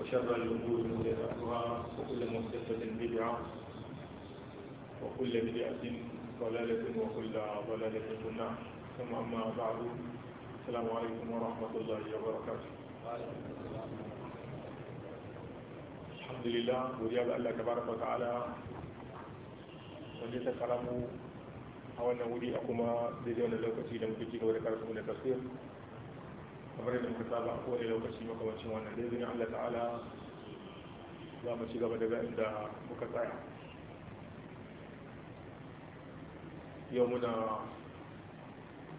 وشر الأمور محدثاتها وكل محدثة بدعة وكل بدعة ضلالة وكل ضلالة في ثم أما بعد السلام عليكم ورحمة الله وبركاته الحمد لله ورياض الله تبارك وتعالى wanda ta أولا a wannan بذيون a kuma daidai wani من da kamar yadda muka saba a kowane lokaci makamacin wannan da izinin Allah ta'ala za mu ci gaba daga inda muka tsaya yau muna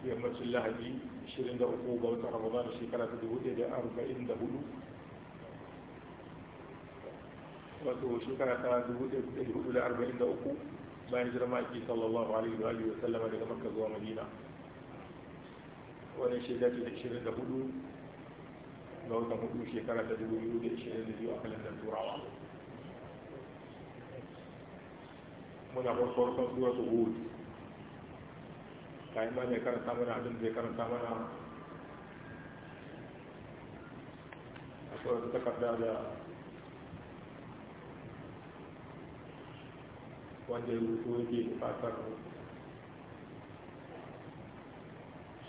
yammacin lahadi 23 ga wata ramadan shekara ta 1444 wato shekara ta 1443 bayan jirma ake sallallahu alaihi wa sallama daga makka zuwa madina wani shekara da 24 ga watan hudu shekara ta 2022 a kalandar turawa muna farfarfar zuwa su hudu kayan ma zai karanta mana abin zai karanta mana a tsoron takarda da wanda ya rubuto yake bukatar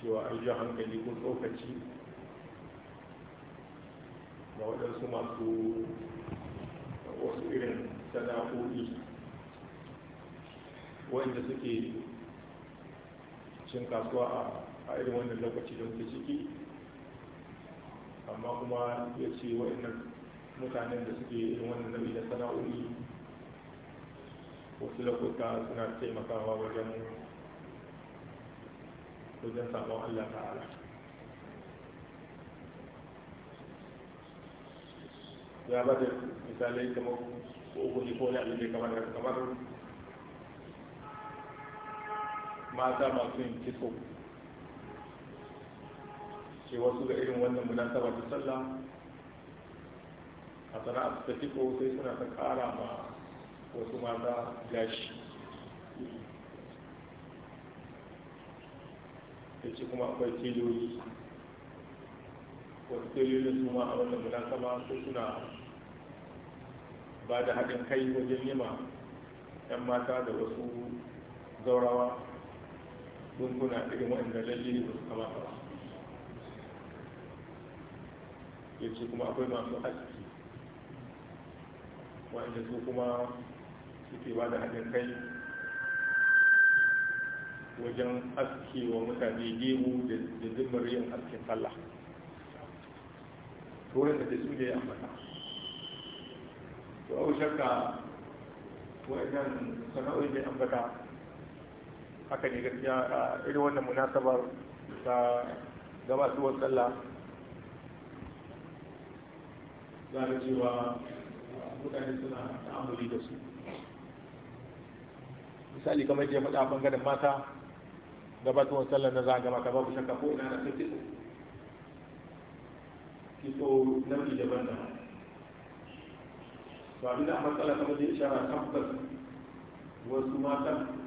cewa an ji hankali ko tsokaci da waɗansu masu wasu irin sana'o'i wanda suke cin kasuwa a irin wannan lokaci da muke ciki amma kuma ya ce waɗannan mutanen da suke irin wannan nabi da sana'o'i wasu lokuta suna taimakawa wajen wajen sabon Allah ta'ala ya ba da misalai kamar uku ne ko wani abin da kamar kamar mata masu yin kitso ce wasu ga irin wannan munasaba ta sallah a sana'ar ta ko sai suna ta kara ma wasu mata gashi ya ce kuma akwai teloli wasu telolin su ma a wannan sama su suna ba da haɗin kai wajen yi ma 'yan mata da wasu zaurawa dunkuna irin waɗanda lalle ba su kamata ba ya ce kuma akwai masu aski waɗanda su kuma suke ba da haɗin kai wajen aski wa mutane gemu da zimmar yin askin sallah turin da su ne ambata to au shakka wajen sana'o'i da ambata haka ne gaskiya a irin wannan munasabar ta gabatuwar sallah za a cewa mutane suna ta'amuli da su misali kamar je faɗa ɓangaren mata gabatowar sallar na za a gama ka babu shakka ko ina da sai kitso kitso nau'i daban daban to abin da matsala kamar da ishara tabbas wasu matan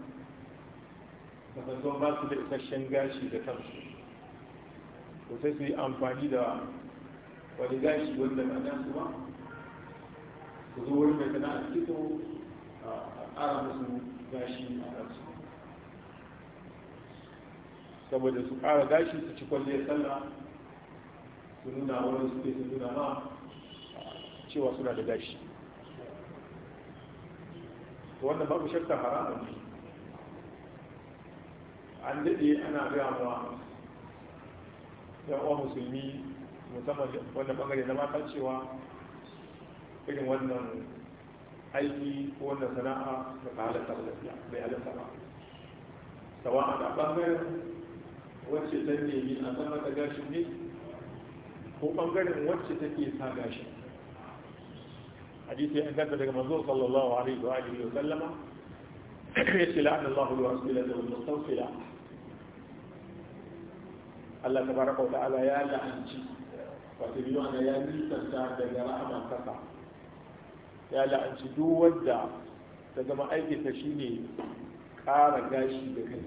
kasantuwan ba su da isasshen gashi da kansu to sai su yi amfani da wani gashi wanda ba na su ba su zo wurin mai sana'a kitso a ƙara musu gashi a kansu saboda su ƙara gashi su ci kwalliyar sallah su nuna wurin su su nuna ma cewa suna da gashi wannan babu shakka haramun ne an daɗe ana gaya wa yan uwa musulmi musamman wanda bangare na mata cewa irin wannan aiki ko wannan sana'a da ka halatta bai halatta ba Sawa a bangaren wacce ta nemi a san mata gashin ne ko bangaren wacce take sa gashin hadisi an ganta daga manzo sallallahu alaihi wa alihi wa sallama yace la'ana Allahu wa rasulahu wal mustawfila Allah tabaraka wa ta'ala ya la'anci wato biyu ana ya nisanta daga rahama kasa ya la'anci duk wanda ta zama aikinta shine ƙara gashi da kai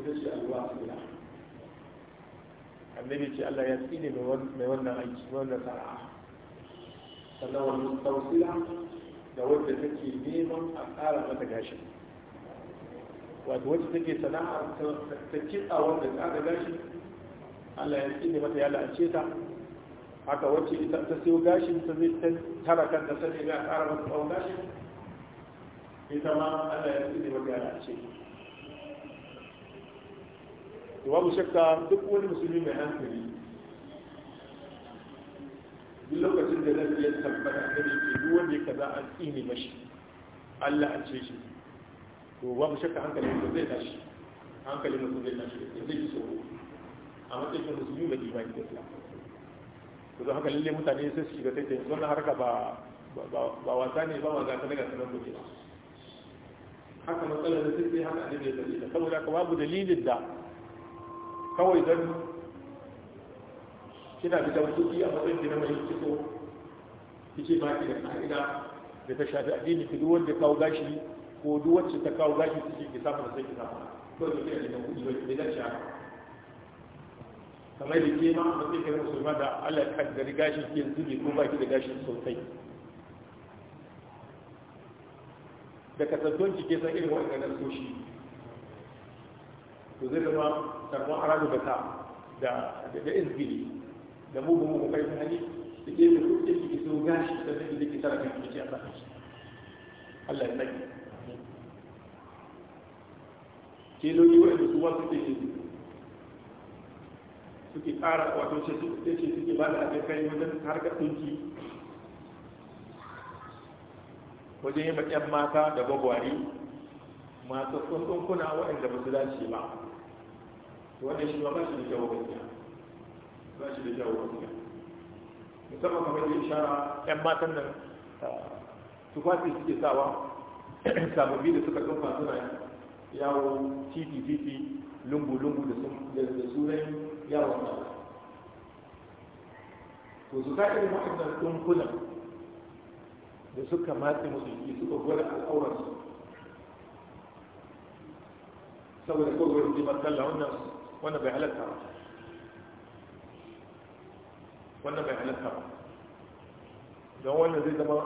ita ce alwa a annabi ce Allah ya tsine mai wannan aiki wannan sana'a sannan wani tausila da wadda take neman a tsara mata gashin wato wacce take sana'a ta kitsa wanda tsara gashin Allah ya tsine mata ya la'ace ta haka wacce ita ta siyo gashin ta zai tara kanta sai ga tsara mata tsawon gashin ita ma Allah ya tsine mata ya la'ace ta to babu shakka duk wani musulmi mai hankali duk lokacin da zai ya tabbata da shi duk wanda ka za a tsini mashi Allah an ce shi to babu shakka hankali mutum zai tashi hankali mutum zai tashi da zai ji tsoro a matsayin musulmi mai iman da Islam to don haka lalle mutane sai su shiga taitayin wannan harka ba ba wasa ne ba wasa ta daga sanar mutum haka matsalar da sai haka ne mai dalila saboda ka babu dalilin da kawai don kina bidan kuɗi a matsayin da mai kitso kike ba ki da ka'ida da ta shafi addini ki duk wanda kawo gashi ko duk ta kawo gashi kike ki samu da sai ki samu to ne kina bidan kuɗi ba ki da shafi kamar da ke ma a matsayin da musulma da Allah ya kaddari gashin ki zubi ko ba ki da gashin sosai da kasantuwan ki ke san irin waɗannan soshi to zai zama sarfan haramun da ta da izgili da mugun mugun kai ta hali da ke da kuɗin da ke so gashi da zai da ke tara kan kuɗi a ƙasa Allah ya tsaki keloyi wa'anda su wasu ke ke suke ƙara wato ce suke ba da abin kai wajen harkar tunki wajen yi 'yan mata da gwagwari masu kuna waɗanda ba su dace ba to wannan shi ba ba shi da kyawu gaskiya ba shi da kyawu gaskiya musamman kamar da ishara yan matan nan tufafi suke sawa sababbi da suka tsufa suna yawo titi titi lungu lungu da sunayen yawon nan to su ka irin waɗannan ɗunkunan da suka matse musulmi suka gwada al'auransu saboda kogwar jimar kallon wannan wanda bai halatta ba wanda bai halatta ba don wanda zai zama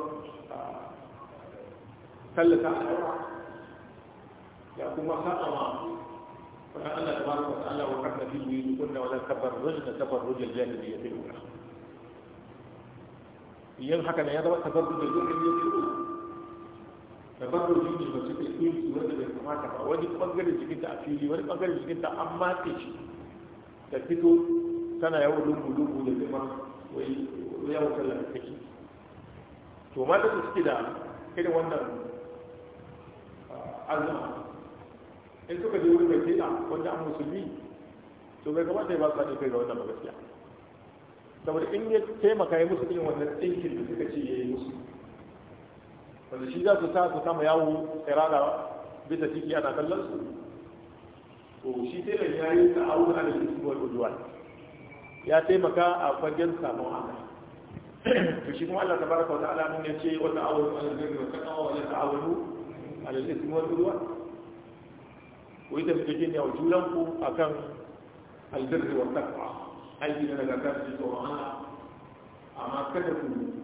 tallata a yawa ya kuma sa'a ma wani allah da baraka wani allah wa karna fi yi kunna wani kabar rujin kabar rujin da ta yi yin haka ne ya zama kabar rujin da ta yi da farko jinji ba suka yi wanda bai kamata ba wani bangare jikinta a fili wani bangare jikinta an matse shi ta fito tana yawon lungu-lungu da zama wai yawon sallar kake to mata su suke da irin wannan ah, azuma in suka je wurin mai tela wanda an musulmi to bai kamata ya ba su haɗin kai ga wannan ba gaskiya saboda in ya taimaka ya musu irin wannan tsinkin da suka ce ya yi musu wanda shi za su sa su sama yawo tsirara bisa ciki ana kallon su to shi taimakon ya yi ta auna da su wani ujuwa ya taimaka a fagen samun Allah to shi kuma Allah wata wa ta'ala mun yace wa ta'awunu 'alal birri wa taqwa wa la ta'awunu 'alal ithmi wal 'udwan Ko yi tafiye ne a junanku akan albirri wa taqwa aiki na daga kan tsoron Allah amma kada ku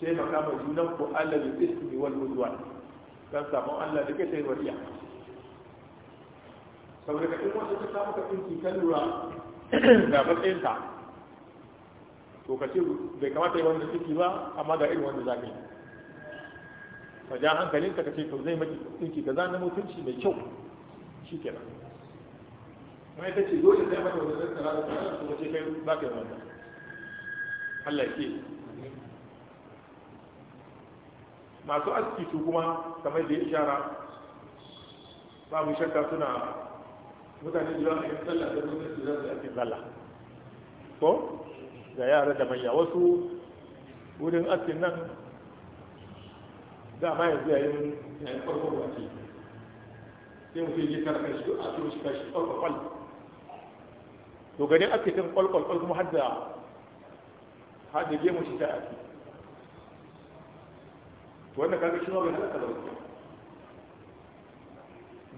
taimaka ma junan ku Allah da ismi wani udwan dan samun Allah da kai wariya saboda ka in wasu ta samu ka tsinki kan lura da matsayin ta to ka ce bai kamata yi wanda ciki ba amma ga irin wanda zaka yi ka ja hankalinka ka ce to zai maki tsinki kaza na mutunci mai kyau shikenan mai ta ce dole zai mata wanda zai tsara da tsara kuma ce kai ba ka yi wanda Allah ya ke masu aski su kuma kamar da ya shara babu shakka suna mutane da a yin tsalla da zuwa su zai ake tsalla, ko ga yara da manya wasu wurin askin nan dama yanzu yayin yayin farko ba ce sai mutum yi karkar shi a cikin shi kashi kwalkwal to gani ake kan kuma har da gemu shi ta aski wanda wannan kaga shi ma bai halaka da wasu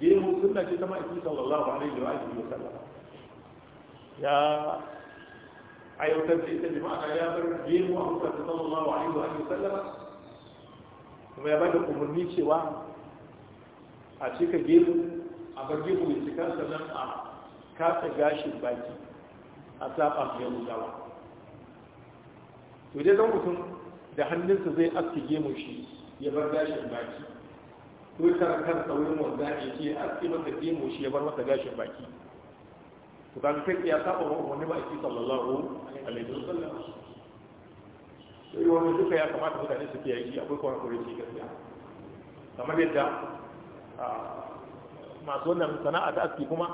gemu sunna ce ta ma'aiki sallallahu alaihi wa alihi wa sallam ya ayyukan da jima'a jama'a ya bar Gehu a hukunta sallallahu alaihi wa alihi wa sallam kuma ya bada umarni cewa a cika Gehu? a bar Gehu mai cika sannan a kasa gashin baki a saba gemu gawa to dai zan mutum da hannunsa zai aske gemu shi ya bar gashin baki ko ya tara tsawon wurin wanda ya ce a cikin masa gemu shi ya bar masa gashin baki to kan kai ya saba wa wani ba ake sallallahu alaihi wasallam sai wani duka ya kamata mutane su kiyaye shi akwai kwana kore shi gaskiya kamar yadda masu wannan sana'a ta aski kuma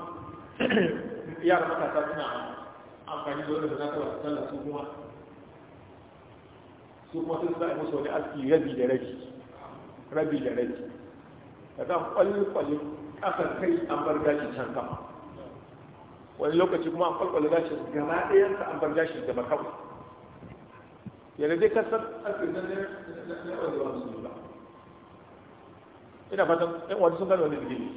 yara matasa suna amfani da wannan sana'a ta sallah su kuma su kuma sun sa musu wani aski rabi da rabi rabi da rabi ka ga kwalkwale ƙasar kai an bar gashi can kama wani lokaci kuma an kwalkwale gashi gaba ɗayansa an bar gashi gaba kawai yana dai kasar ƙarfi na wanda ba su ba ina fatan yan wani sun gano wani digiri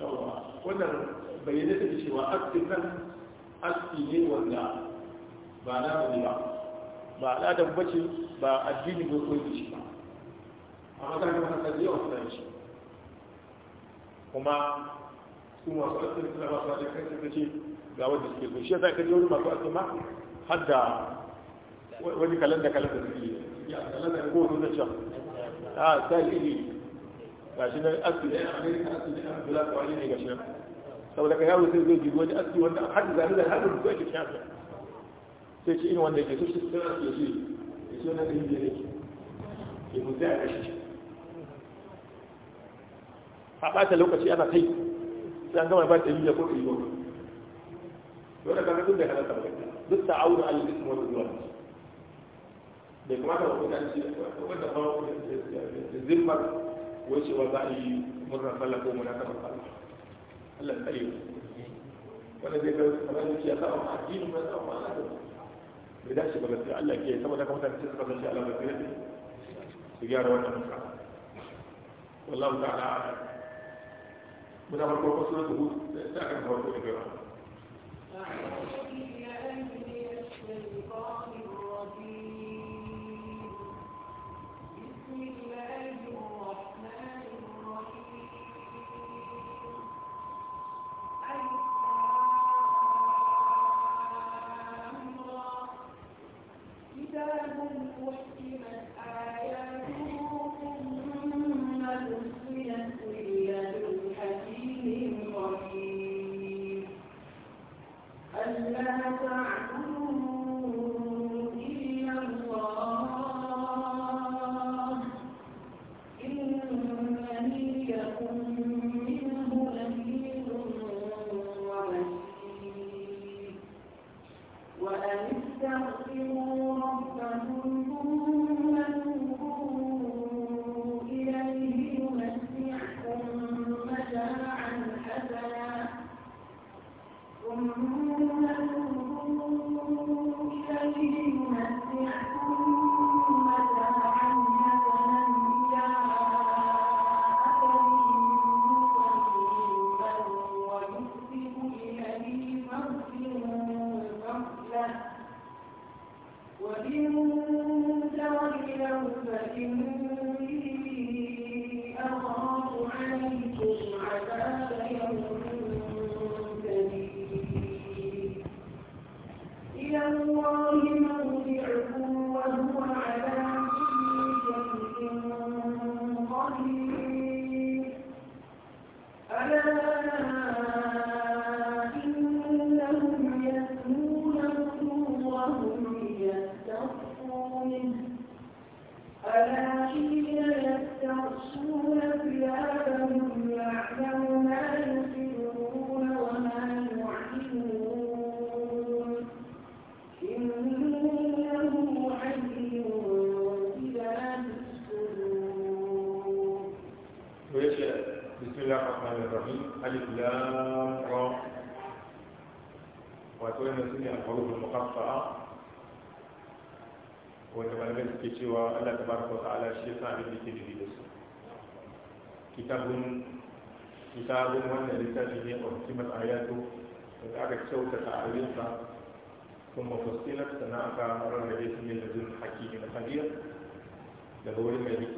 wannan bayyana ta cewa aski nan aski ne wanda ba na ba ba al'adar bace ba addini ko koyi ba amma kan kuma kan yawan kuma su masu suna ce ga suke shi ka wani masu ma wani kalanda kalanda suke yi kalanda ko wani na can ah, a ga shi a amerika a bula kawai ne ga saboda ka sai zai wani wanda har da har da shafi sai ce wanda shi sai wani da yake mutu ya a ɓata lokaci ana kai sai an gama ba ta yi ko ɗari wani dole ka ga da kana tabbata duk ta aure al ismu wa zuwa ta kamata ba kuma ci wanda ba zimmar wace wa za a yi murna sallah ko munasabar sallah Allah tsare Wani zai ga kamar yake ya saba ma addini ma saba ma al'ada bai dace ba gaskiya Allah ke saboda kamar mutane suka kasance alamar da su gyara wannan musa wallahu ta'ala muna farko ko suratul hud sai aka ko da gaba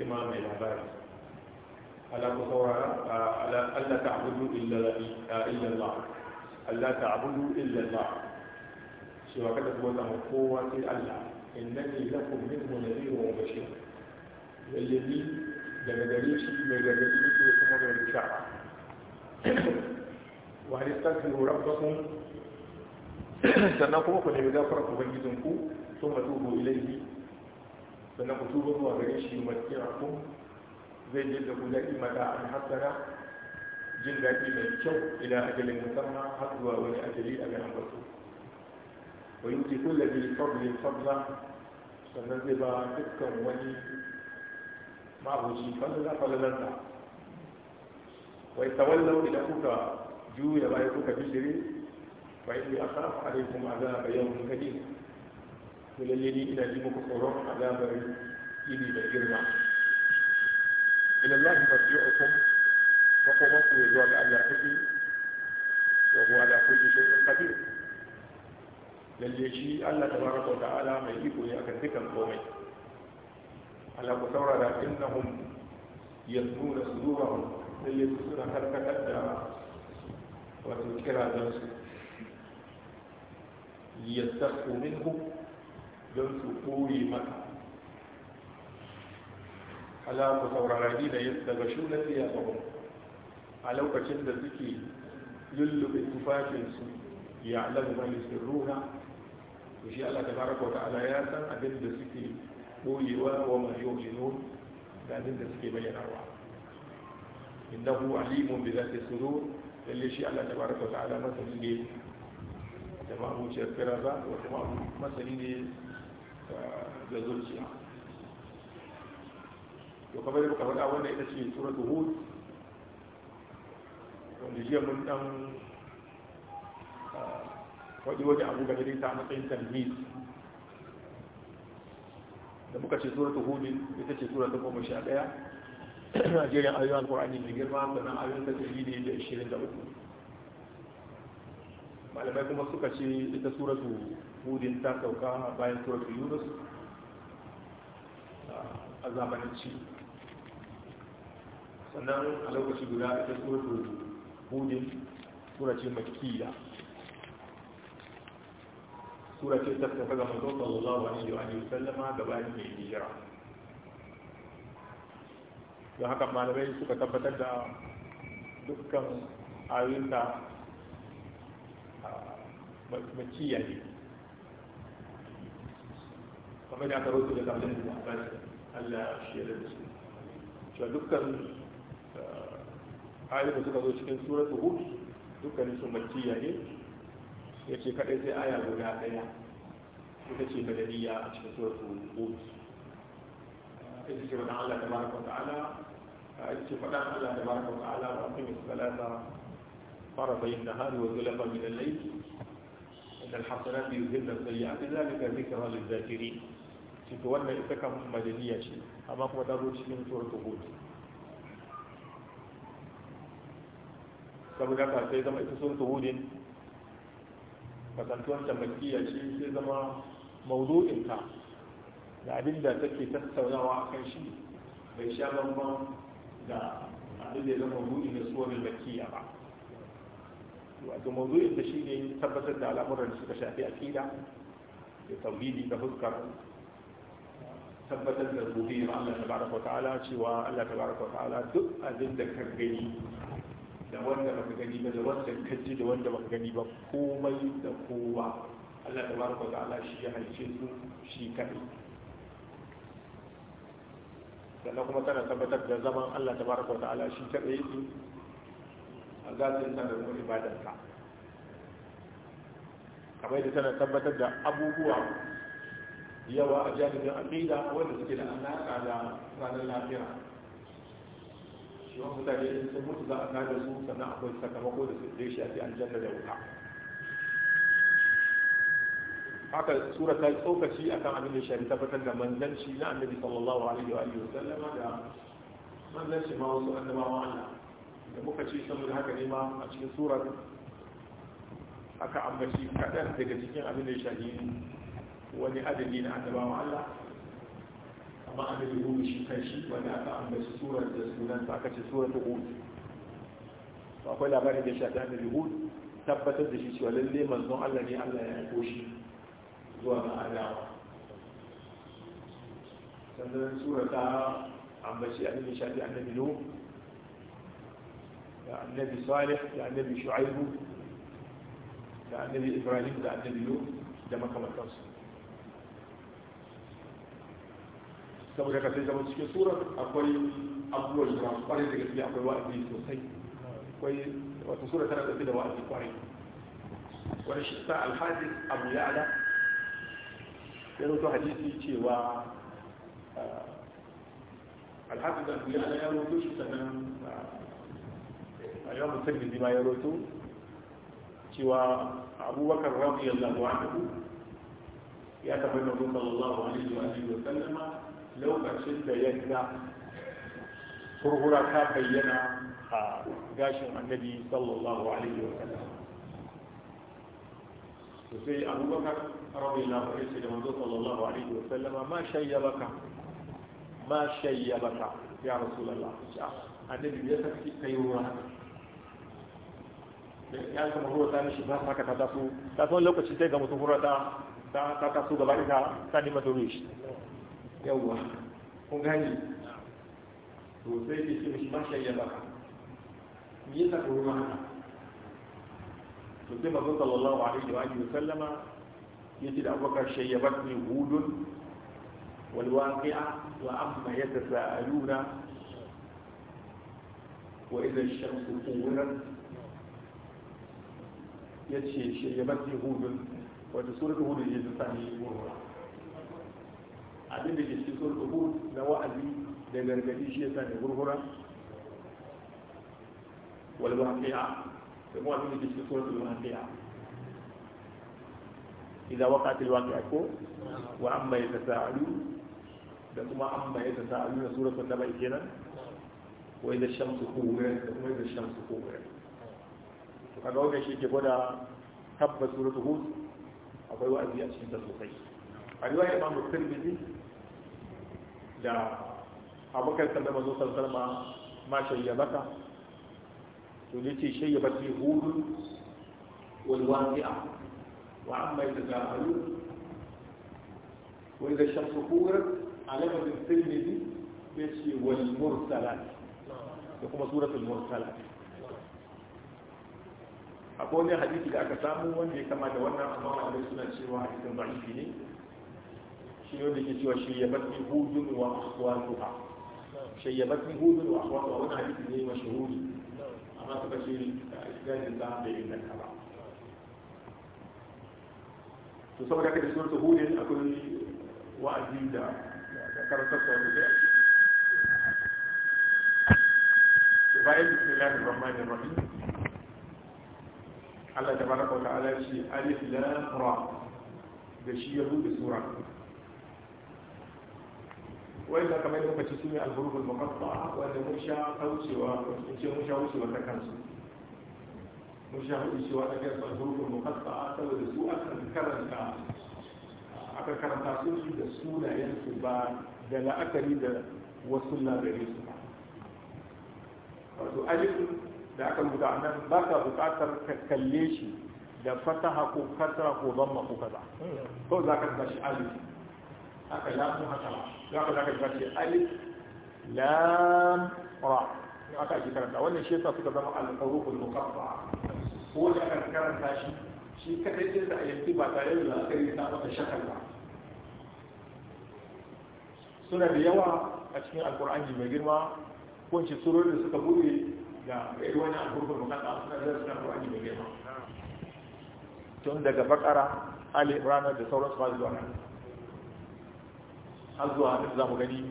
امام العباد الا تصور الا تعبدوا الا الله الا تعبدوا الا الله سوى كذا تقول لهم قوتي الله انني لكم منه نذير وبشير الذي لمدريش لمدريش ثم لمدريش وهل استغفروا ربكم سنقوم فرقوا ويجدكم ثم توبوا اليه sannan ku tuba zuwa gare shi masirakum zai je da ku daɗi mata an hasana jin daɗi mai kyau ila ajalin musamman har zuwa wani ajali a ganin wasu wa yuti kullu bi fadlin fadla sannan zai ba dukkan wani ma'abuci fadla fadlansa wa tawallau idan kuka juya bayan kuka bishire fa inni akhafu alaykum adhab yawmin kadir to lalle ni ina ji muku tsoron alamar ini da girma ilallahi marji'ukum makomanku ya zuwa ga Allah take wa huwa ala kulli shay'in qadir lalle shi Allah tabaraka wa ta'ala mai iko ne akan dukkan komai Allah ku saurara innahum yasmuna sudurahum lalle su suna karkatar da wato kira don su yastakhu minhum don su koyi maka ala ku saurara da daga shuna ya tsawon a lokacin da suke lullube tufafinsu ya alamu mai sirruna to shi Allah tabaraka ta'ala ya san abin da suke koyewa wa ma yu'minun da abin da suke bayyanawa innahu alimun bi zati sudur lalle shi Allah tabaraka ta'ala masani ne da wuce firasa wa kuma masani ne da zuciya to kamar da muka faɗa wanda ita ce suratu hud wanda jiya mun dan ah, faɗi wajen abu game da ita a matsayin tamhid da muka ce suratu hud ita ce suratu goma sha ɗaya a jerin ayoyin alkur'ani mai girma sannan ayoyin da ɗari ne da ishirin da uku malamai kuma suka ce ita suratu hudin ta sauka bayan surat yunus a zamananci sannan a lokaci guda ita surat hudin surace makiya surace ta sauka ga mazo sallallahu alaihi wa sallama gabanin mai hijira don haka malamai suka tabbatar da dukkan ayoyinta makiya ne ومن يعتبره إلى قبل أن يحفظ الشيء للمسلم فدوكا عالم آه، آية سورة دوشكين سورة هود دوكا نسو مجيه يعني يتي كأيزي آية غدا آية يتي مدنية أشكا سورة هود آه، إذا كنا على تبارك وتعالى آه، إذا كنا على تبارك وتعالى وأقيم الصلاة طرفي النهار وزلفا من الليل إن الحسنات يذهبن السيئات ذلك ذكرى للذاكرين ce to wannan ita kan madaniya ce amma kuma ta zo cikin suratul hud saboda ka sai zama ita suratul hud kasantuwar ta makkiya ce sai zama mawdu'in da abin da take tattaunawa kan shi bai sha bambam da abin da ya zama mawdu'in da suwar makkiya ba wato mawdu'in shi ne tabbatar da al'amuran da suka shafi aqida da tauhidi da fuskar tabbatar da rububiyar Allah Ta wa ta'ala cewa Allah Ta wa ta'ala duk abin da ka gani da wanda baka gani ba da wanda ka ji da wanda baka gani ba komai da kowa Allah Ta wa ta'ala shi ya halice su shi kai sannan kuma tana tabbatar da zaman Allah Ta wa ta'ala shi kadai su a zatin tana da ka, kamar da tana tabbatar da abubuwa yawa a jami'in aqida wanda suke da alaƙa da ranar lafiya shi wa mutane in sun mutu za a kada su sannan akwai sakamako da su zai shafi aljanna da wuta haka sura ta tsokaci akan abin da shari tabbatar da manzanci na annabi sallallahu alaihi wa alihi sallama da manzanci ma wasu annabawa Allah da muka ci saboda haka ne ma a cikin surar aka ambaci kaɗan daga cikin abin da ya shafi wani adadi na aka bawa Allah amma adadi ruhu shi kan shi wani aka ambaci surar da sunan ta aka ce surar ta hud to akwai labarin da ya shafi annabi hud tabbatar da shi cewa lalle manzon Allah ne Allah ya aiko shi zuwa ga adawa sannan surar ta ambaci annabi shafi annabi nuh da annabi salih da annabi shu'aibu da annabi ibrahim da annabi nuh da makamantansu saboda ka sai zama cikin surar akwai abubuwan da masu kwarai da gaske akwai wa'azi sosai akwai wata surar tana tafi da wa'azi kwarai wani shi sa alhaji abu ya ala ya roto hadisi cewa alhaji abu ya ala ya roto shi sannan a yawon mutum da ma ya roto cewa abubakar rabu yallahu anhu ya tabbata sallallahu alaihi wa sallam lokacin da yadda kurkura ta bayyana a gashin annabi sallallahu alaihi wa sallam to sai abubakar radiyallahu anhu da manzo sallallahu alaihi wa sallama ma shayyabaka ma shayyabaka ya rasulullah annabi ya saki kai ruwa ya zama ruwa ta mishi ba haka ta taso ta son lokacin sai ga mutum ruwa ta ta taso gaba ita ta nima to shi yawwa kun gani to sai ke ce mishi mashayya baka me yasa ka ruwa haka to sai manzo sallallahu alaihi wa alihi sallama yace da abubakar shayyabat ni hudun wal waqi'a wa amma yatasaaluna wa idha ash-shamsu kuwirat yace shayyabat ni hudun wato suratul hudun yace sani gurwa abin da ke cikin sulhu na wa'azi da gargadi shi yasa ne gurgura wal waqi'a da kuma abin da ke cikin sulhu waqi'a idan waqa'at al waqi'a ko wa amma yatasaalu da kuma amma yatasaalu na suratul nabai kenan wa idan shamsu kuwirat da kuma idan shamsu kuwirat to kaga wannan shi ke gwada tabbas suratul hud akwai wa'azi a cikin ta sosai a riwaya imamu tirmidhi da abokan sanda mazo sallar ma ma shayyabata to ne ce shayyabati hudu wal waqi'a wa amma yatazaalu wa idza shamsu kurat alama tirmidhi yace wal mursalat da kuma suratul mursalat akwai wani hadisi da aka samu wanda ya kama da wannan amma wanda suna cewa hadisin da'ifi ne shi ne wanda ke cewa shayyabatni hudun wa akhwatuha shayyabatni hudun wa akhwatuha wannan hadisi ne mashhuri amma suka ce isnadin sa bai inganta ba to saboda haka da sunan su hudun akwai wa'azi da karantar sa wanda ya ce bayan bismillahir rahmanir rahim Allah tabaraka wa ta'ala shi alif lam ra da shi ya bude sura wanda kamar da muka ci su ne alhurufin makasa wanda mun sha kaucewa in ce mun sha wucewa ta kansu mun sha wucewa ta kansu alhurufin makasa saboda su akan karanta aka karanta su da sunayensu ba da la'akari da wasu labarai su ba wato alifin da aka rubuta a nan ba ka buƙatar ka kalle shi da fataha ko kasra ko zamma ko kaza kawai za ka shi alifin haka lamun haka za ka zaka jira ce alif lam ra haka ake karanta wannan shi yasa suka zama al-huruful muqatta ko da aka karanta shi shi kadai din sa ayyanti ba tare da la'akari ta maka shakal ba suna da yawa a cikin alkur'ani mai girma ko in ce surori da suka bude ga irin wani alkur'ani muqatta suna da yawa alkur'ani mai girma tun daga bakara ali imran da sauransu ba zuwa nan har zuwa haka za mu gani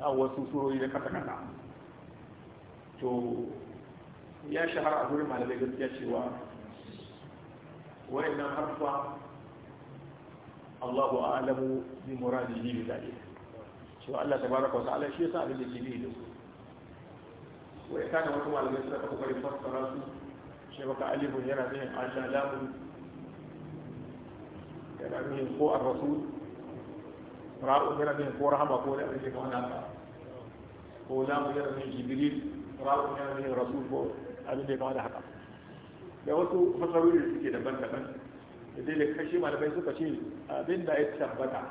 a wasu surori da kasa kasa to ya shahara a wurin malamai gaskiya cewa wani wayannan harfa Allahu a'lamu bi muradihi bi zalik cewa Allah ta tabaraka wa ta'ala shi yasa abin da ke ne da su wai kana wasu malamai suna da kokarin fassara su shi baka alifun yana nuna Allah lamun yana nuna ko ar-rasul ra'u yana nufin ko rahama ko da ake kawo haka ko lamu yana nufin jibril ra'u yana nufin rasul ko abin da ya da haka da wasu fasarori da suke daban-daban da dai da kashe malamai suka ce abin da ya tabbata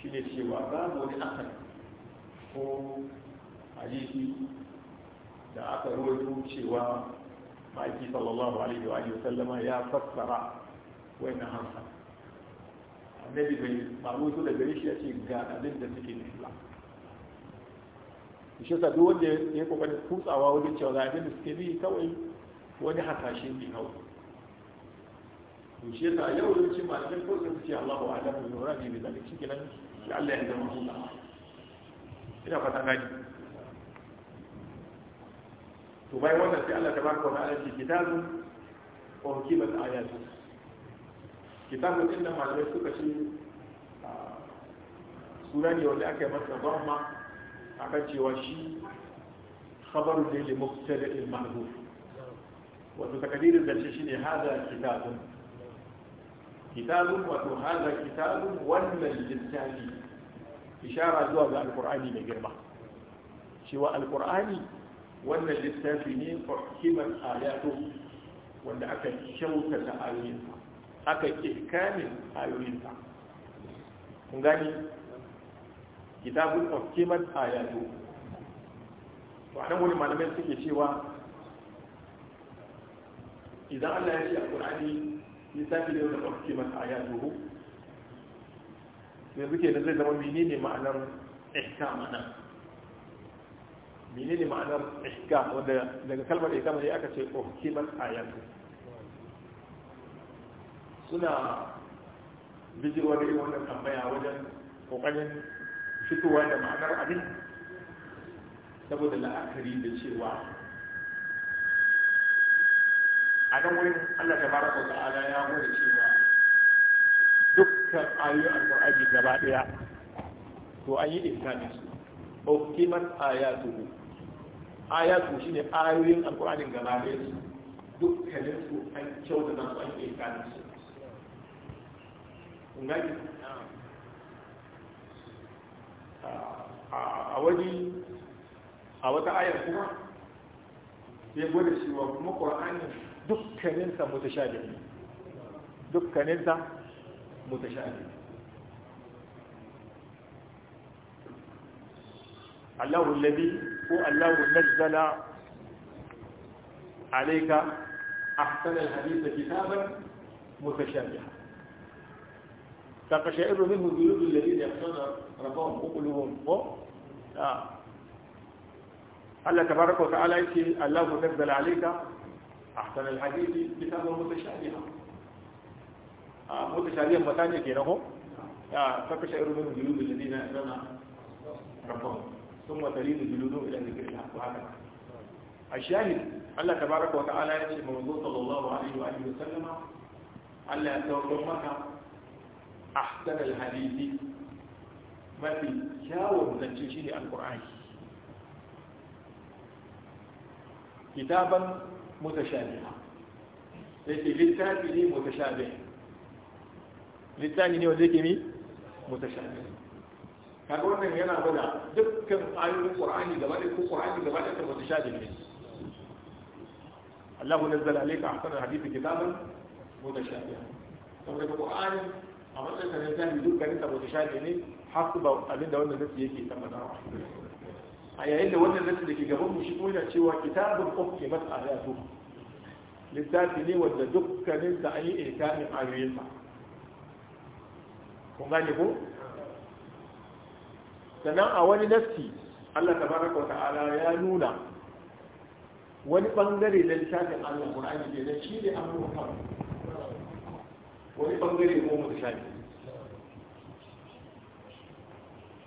shi ne cewa mu wani akan ko hadisi da aka rawaito cewa ma'aiki sallallahu alaihi wa sallama ya fassara wannan hansa annabi bai mamu su da gare shi ya ce ga abin da suke na islam shi sa duk wanda ya kokarin kutsawa wajen cewa ga abin da suke bi kawai wani hasashe ne kawai to shi yasa yau yawanci malamin ko sun ce Allah wa alamu yura ne bi zalika shi kenan ya Allah ya zama Allah ina fata gani to bai wannan sai Allah ta tabaraka wa ta'ala ce kitabun wa hukimat ayatuhu Kitabun din da malamai suka ce suna ne wanda aka yi masa barma kan cewa shi khabaru da yake mubtada il mahdhuf wato takadirin da shi ne hada kitabun kitabun wato hada kitabun wannan littafi ishara zuwa ga alqur'ani mai girma cewa alqur'ani wannan littafi ne fahiman ayatu wanda aka kyautata ayoyinsa aka ke kamin ayoyinsa kun gani kitabun of kiman ayatu to anan wani malamai suke cewa idan Allah ya ce a Qur'ani lissafi da yau of kiman hu ne suke da zai zama ne ma'anar mana? mini ne ma'anar ehka wanda daga kalmar mana ne aka ce of kiman ayatu suna bijirwa da irin wannan tambaya wajen kokarin fitowa da ma'anar abin saboda la'akari da cewa a nan wurin allah ta baraka wa ala ya gwada cewa dukkan ayoyin alƙur'ani gaba ɗaya to an yi ihsani su ukimat ayatuhu ayatu ne ayoyin alƙur'anin gaba ɗaya su dukkanin su an kyautata su an yi ihsani su gani a waje a wata ayar kuma ya gwada cewa kuma ƙwar'anin dukkaninsa mutashabi ne dukkaninsa mutashabi ne الله الذي هو الله نزل عليك أحسن الحديث كتابا متشابها تقشعر منه جلود الذين يخشون ربهم وقلوبهم آه. الله تبارك وتعالى يقول الله نزل عليك أحسن الحديث كتابا متشابهة آه، متشابهة متانية كينه آه، تقشعر منه جلود الذين يخشون ربهم ثم تلين جلودهم إلى ذكر الله وهكذا الشاهد الله تبارك وتعالى يقول موضوع صلى الله عليه وآله وسلم الله يتوقف مكة ahsan alhadisi mafi kyawun zance shi ne alkur'ani kitaban mutashabiha sai ce littafi ne mutashabiha littafi ne wanda yake mi mutashabiha kaga wannan yana gwada dukkan ayoyin qur'ani gaba da ko qur'ani gaba da mutashabiha ne Allah nazzala alayka ahsana alhadisi kitaban mutashabiha saboda qur'ani a matsayin sa ne zahiri dukkanin sa bauta shafi ne har hasu ba abin da wannan nasi yake sama da a yayin da wannan nasi da ke gaban mu shi ko yana cewa kitabun ukke a ayatu littafi ne wanda dukkanin sa an yi ihkamin ayoyin sa kun gane ko sannan a wani nasi Allah tabaraka wa ta'ala ya nuna wani bangare na littafin Allah Qur'ani ne shi ne an muhammad wani bangare ko mutu shafi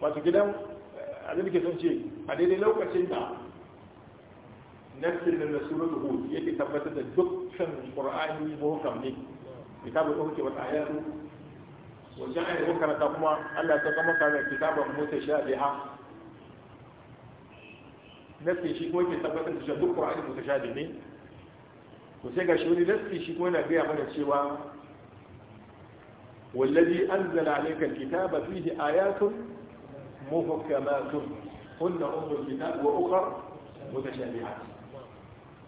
wato gidan eh, abin ke son ce a daidai lokacin da nafsin da na surat hud yake tabbatar da dukkan qur'ani muhkam ne kitabul hukm wa ayatu wajen ayi ko karanta kuma Allah ta kama kana kitabun mutashabiha nafsin shi kuma ke tabbatar da duk qur'ani mutashabi ne to sai ga shi wani nafsi shi kuma na gaya mana cewa والذي أنزل عليك الكتاب فيه آيات محكمات هن أم الكتاب وأخر متشابهات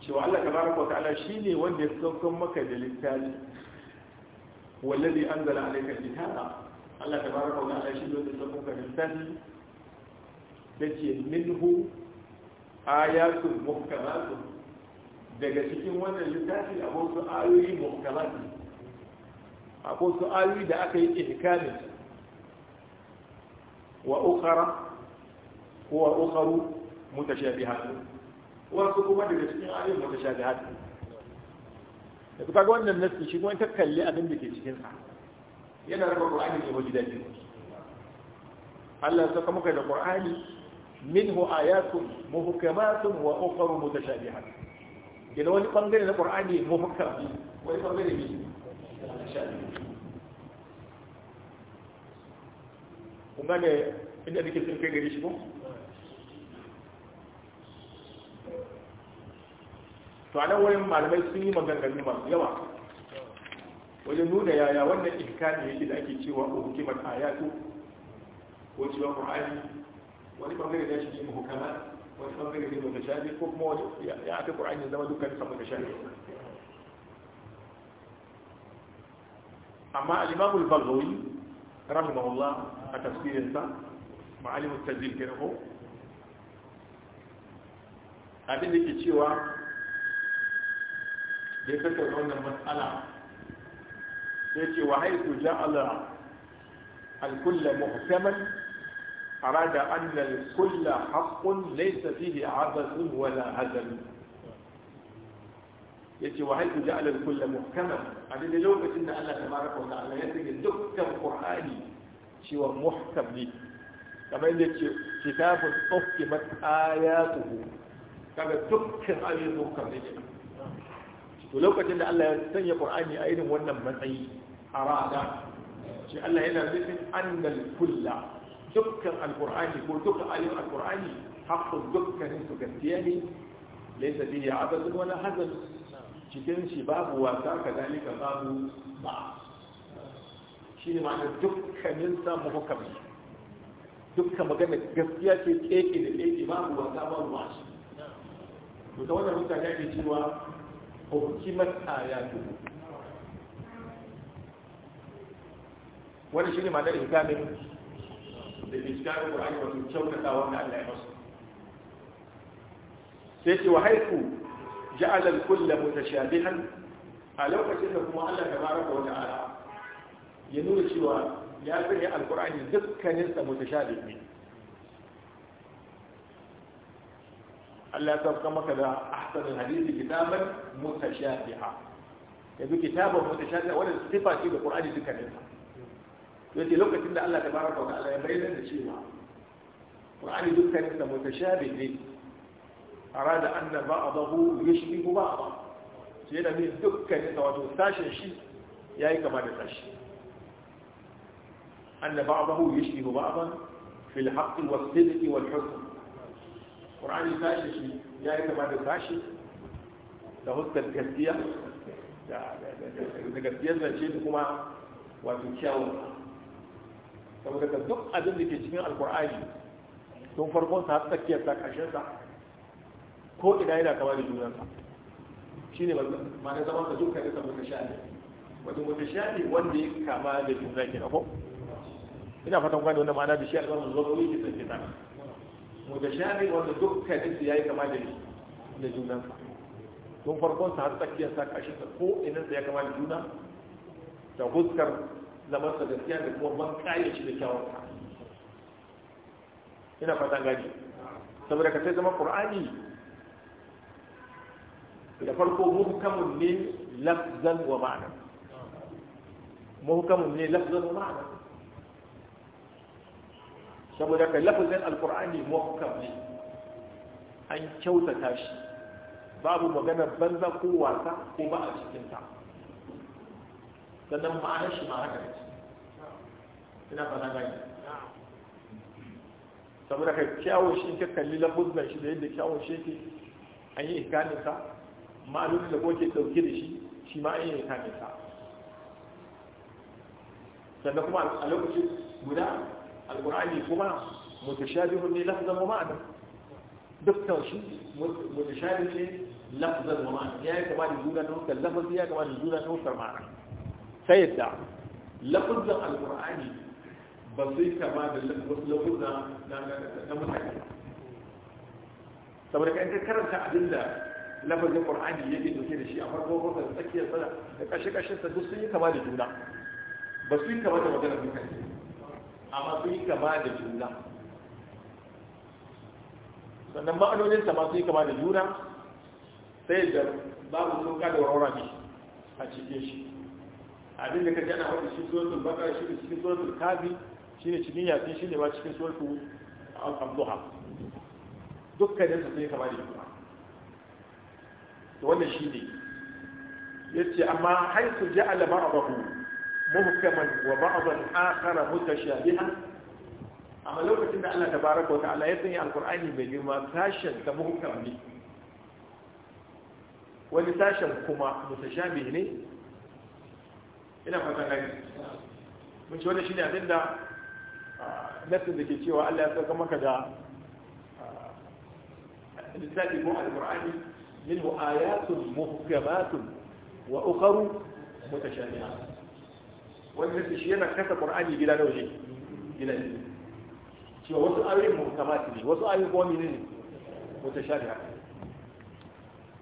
شو الله تبارك وتعالى شيني وين يستوكم مكة للتالي والذي أنزل عليك الكتاب الله تبارك وتعالى شيني وين يستوكم مكة للتالي تجي منه آيات محكمات daga cikin wannan littafi a wasu akwai su ayoyi da aka yi ihkamin wa ukhara wa Shafi Haɗu. wasu kuma daga cikin Shafi Haɗu. da kuka kaga wannan nasi shi kuma ta kalli abin da ke cikinsa. sa yana raba qur'ani ne wajen dadi Allah ya saka muka da qur'ani minhu ayatun muhkamatun wa Shafi Haɗu. idan wani bangare na qur'ani muhkam wani bangare ne kun gane inda nake sun kai gari shi ko to a nan wurin malamai sun yi maganganu masu yawa wajen nuna yaya wannan ihkami yake da ake cewa ko hukimar ayatu ko cewa qur'ani wani bangare da shi ne muhukama wani bangare ne mutashabi ko kuma wani ya aka qur'ani zama dukkan sa mutashabi أما الإمام البغوي رحمه الله التفسير أنت مع علم التزيل كده هو أبين لك تشيوا دي أن المسألة تشيوا حيث جاء الله الكل مهتما أراد أن الكل حق ليس فيه عبث ولا هزل yace wa hal ja'ala kullu muhkama a da lokacin da Allah tabaraka wa ta'ala ya tsige dukkan qur'ani cewa muhkam ne kamar yadda ce kitabun mat ayatuhu kaga dukkan ayatu muhkam ne to lokacin da Allah ya sanya qur'ani a irin wannan matsayi arada shi Allah yana nufin annal kullu dukkan alqur'ani ko dukkan ayatu alqur'ani haqqu dukkan su gaskiya ne laysa bihi abadun wala hazan cikin shi babu wasa ka zalika babu ba shi ne ma'ana dukkanin samu hukami dukkan magana gaskiya ce keke da keke babu wasa babu wasu to ta wannan mutane ake cewa ya ayatu wani shi ne ma'anar hikamin da iskarin ƙwararri wato kyautata wanda Allah ya masu sai ce wa haiku جعل الكل متشابها ألو كتنكم الله تبارك وتعالى ينور يا يابني القرآن ذكا ننسى متشابه الله تبقى كذا أحسن الحديث كتابا متشابها يبقى كتابا متشابها ولا صفة في القرآن ذكا ننسى يأتي لو كتنا الله تبارك وتعالى يبين لنا سوى القرآن ذكا ننسى متشابه أراد أن بعضه يشبه بعضا سيدنا من دكة نتواجه تاشن شيء يأي كما نتاش أن بعضه يشبه بعضا في الحق والصدق والحكم القرآن تاشن شيء يأي كما نتاش تهدت الكثية الكثية من شيء كما وتكيوه saboda duk abin da ke cikin alkur'ani tun farkon ko ina yana kama da juna shi ne ma'ana zama da zuka duka mutu shaɗi wato mutu shaɗi wanda ya kama da juna ke ko ina fatan kwanu wanda ma'ana da shi alƙawarin zuwa wuri ke tana ta mutu shaɗi wanda duka duka ya yi kama da junansa tun sa har tsakiyarsa ƙashinsa ko sa ya kama da juna da huskar zamansa gaskiya da kuma ban kayan shi da kyawun ina fatan gani saboda ka sai zama ƙur'ani da farko muhkamun ne lafzan wa ma'ana muhkamun ne lafzan wa ma'ana saboda kai lafzan alqur'ani muhkam ne an kyautata shi babu magana banza ko wasa ko ba a cikin ta sannan ma'ana shi ma haka ne ina fara gani saboda kai kyawun shi ka kalli lafzan shi da yadda kyawun shi yake an yi sa amma abin da goke dauke da shi shi ma an yi kamin sa sannan kuma a lokacin guda alkur'ani kuma mutashabihun ne lafzan wa ma'ana dukkan shi mutashabihun ne lafzan wa ma'ana ya yi kama da juna ta hukar lafazi ya kama da juna ta hukar ma'ana ta yadda lafazan alkur'ani ba sai kama da lafazan na mutane saboda ka karanta abin da lafazin qur'ani yake dauke da shi a farko ko da tsakiyar sa da kashe kashe sa duk sun yi kama da juna ba su yi kama da magana duka amma sun yi kama da juna sannan ma'anonin sa ma sun yi kama da juna sai da babu sun kada warwara a cikin shi abin da kaji ana wani shi suratul baqara shi cikin suratul kafi shi ne cikin yasin shi ne ba cikin suratul al-duha dukkanin su yi kama da juna shi ne. Ya ce, amma haisu haitu ja'ala ba'dahu muhkaman wa ba'dan akhar shabiha. amma lokacin da Allah tabaraka wa ta'ala ya sanya alqur'ani mai girma sashen ta muhkam ne wani sashen kuma mutashabih ne ina fata gani mun ci shi ne, abinda nasin da ke cewa Allah ya sauka maka da littafi ko alqur'ani minhu ayatun muhkamatun wa ukharu mutashabihat wannan shi yana kasa qur'ani gida nawa ne gida ne cewa wasu ayoyin muhkamat ne wasu ayoyin kuma ne mutashabihat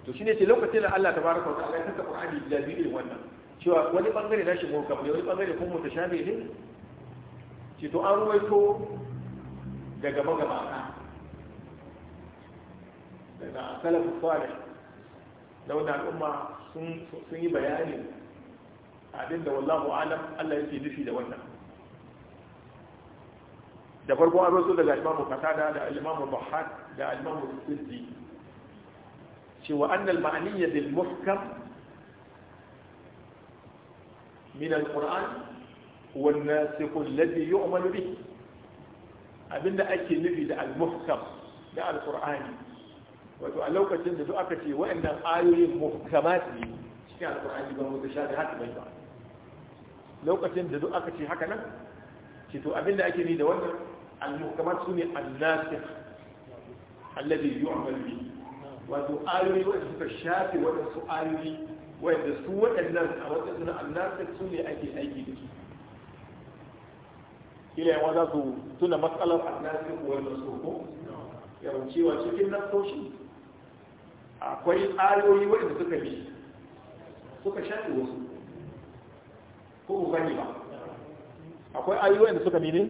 to shine ce lokacin da Allah tabaraka wa ta'ala ya kasa qur'ani gida biyu wannan cewa wani bangare nashi muhkam ne wani bangare kuma mutashabi ne ce to an ruwaito daga magabata daga salafus salih na wani al'umma sun yi bayani abin da wallahu alam Allah yake nufi da wannan da farko an rasu daga imamu qatada da imamu bahad da imamu sirri cewa annal ma'aniyya bil muhkam min al-qur'an huwa an-nasikh alladhi yu'malu bihi abinda ake nufi da al-muhkam da al-qur'ani wato a lokacin da duk aka ce waɗannan ayoyin muhkamat ne cikin alƙur'ani ba mutashabihat bai ba lokacin da duk aka ce haka nan ce to da ake ni da wannan al-muhkamat sune an-nasikh alladhi yu'mal bihi wato ayoyi wanda suka shafe waɗansu ayoyi wanda su waɗannan a wajen suna annasa su ne ake aiki da su kila yawa za su tuna matsalar annasa ko wanda su ko yawan cewa cikin nasoshi akwai ayoyi waɗanda suka bi suka shafi wasu ko ku gani ba akwai ayoyi waɗanda suka bi ne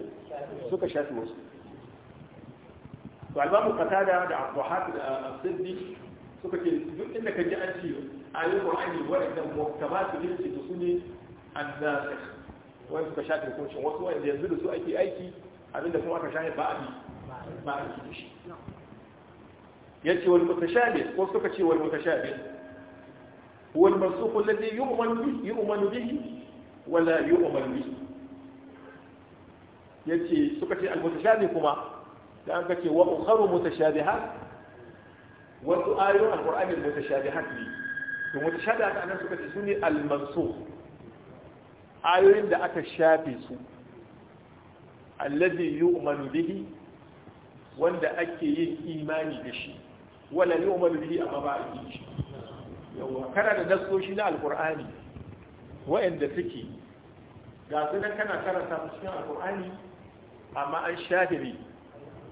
suka shafi wasu to albamu qatada da abduhat da siddi suka ce duk inda kaji an ce ayoyin qur'ani waɗanda muktabatu ne su sune an-nasikh wani suka shafi hukuncin wasu wanda yanzu da su ake aiki abinda kuma aka shafi ba a bi ba a bi da shi yace wal mutashabih ko suka ce wal mutashabih huwa al mansukh alladhi yu'manu yi yu'manu bihi wala yu'manu bihi yace suka ce al mutashabih kuma da aka ce wa ukharu ha? wasu ayoyin alqur'ani mutashabihat ne to mutashabihat nan suka ce sune al mansukh ayoyin da aka shafe su alladhi yu'manu bihi wanda ake yin imani da shi wala yu'malu bihi amma ba a yi shi yawa kana da nasoshi na alqur'ani wa'anda suke ga su nan kana karanta cikin alqur'ani amma an shahiri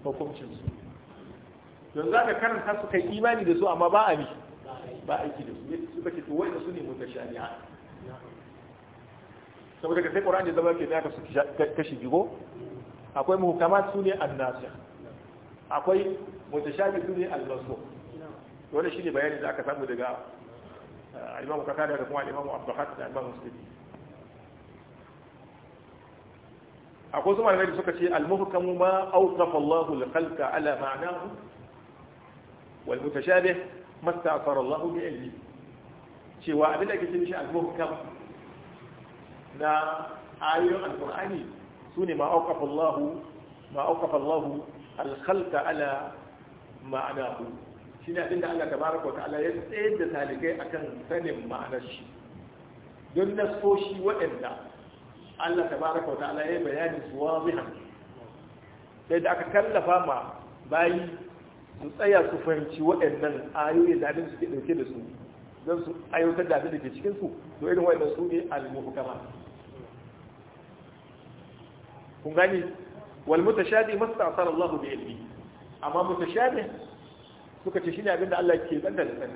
hukuncin su don za ka karanta su kai imani da su amma ba a yi ba a yi da su suka ce to wanda su ne mutashani'a saboda ka sai qur'ani zama ke da ka kashi bigo akwai muhkamat su ne annasih akwai mutashabihu ne al-masbuh wannan shine bayanin da aka samu daga al-Imam Qatada da kuma al-Imam da al-Imam Muslim akwai su suka ce al ma awsafa Allah al ala ma'nahu wal mutashabih ma ta'affara Allah bi cewa abin da ake ce na ayoyin al sune ma ma ala ma'ana ku shi ne abinda Allah tabaraka ta'ala ya tsayar da talibai akan sanin ma'anar shi don na shi waɗanda Allah tabaraka ta'ala ya bayani su wazihan sai da aka kallafa ma bayi su tsaya su fahimci waɗannan ayoyi da abin suke ɗauke da su don su ayyukan da abin da ke cikin su to irin waɗannan su ne al-muhkama kun gani wal mutashadi masta'sara Allah bi ilmi amma mutashabih suka ce ne abinda Allah ke zanta da sani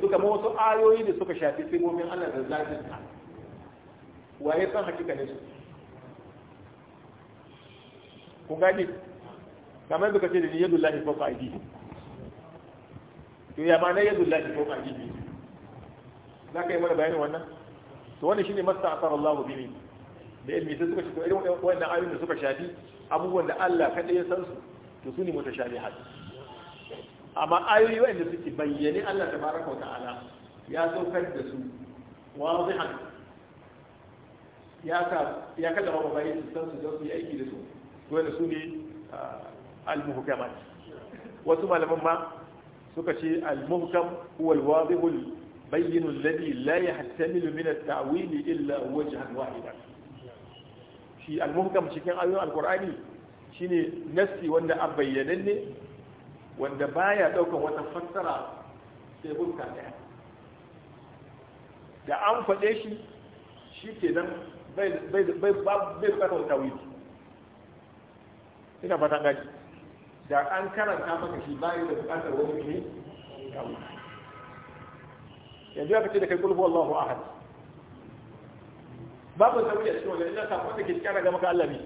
duka ma wasu ayoyi da suka shafi simomin Allah da zatin ta waye san hakika ne su ku gani kamar duka ce da ni lafi fawqa aydihi to ya ma na yadullahi fawqa aydihi za ka yi mana bayanin wannan to shi shine masta asar Allah bi ne da ilmi sai suka ce to irin wannan ayoyin da suka shafi abubuwan da Allah kaɗai ya san su to su ne mutashabihat amma ayoyi wanda suke bayyane Allah tabaraka ta'ala ya saukar da su wazihan ya ka ya kada ba bayan su san su don su yi aiki da su wanda su ne al wasu malaman ma suka ce al-muhkam huwa al-wadihul bayyin alladhi la yahtamilu min at-ta'wil illa wajhan wahidan shi al-muhkam cikin ayoyin al-qur'ani shine nassi wanda a ne wanda baya daukan wata fassara sai fuska daya da an faɗe shi shi ke nan bai bai bai bukatar tawil ina fata gaji da an karanta maka shi bayan da bukatar wani ne yanzu ya kace da kai kulhu wallahu ahad babu sauki a cikin wajen ina sakon da ke cikin raga maka Allah ne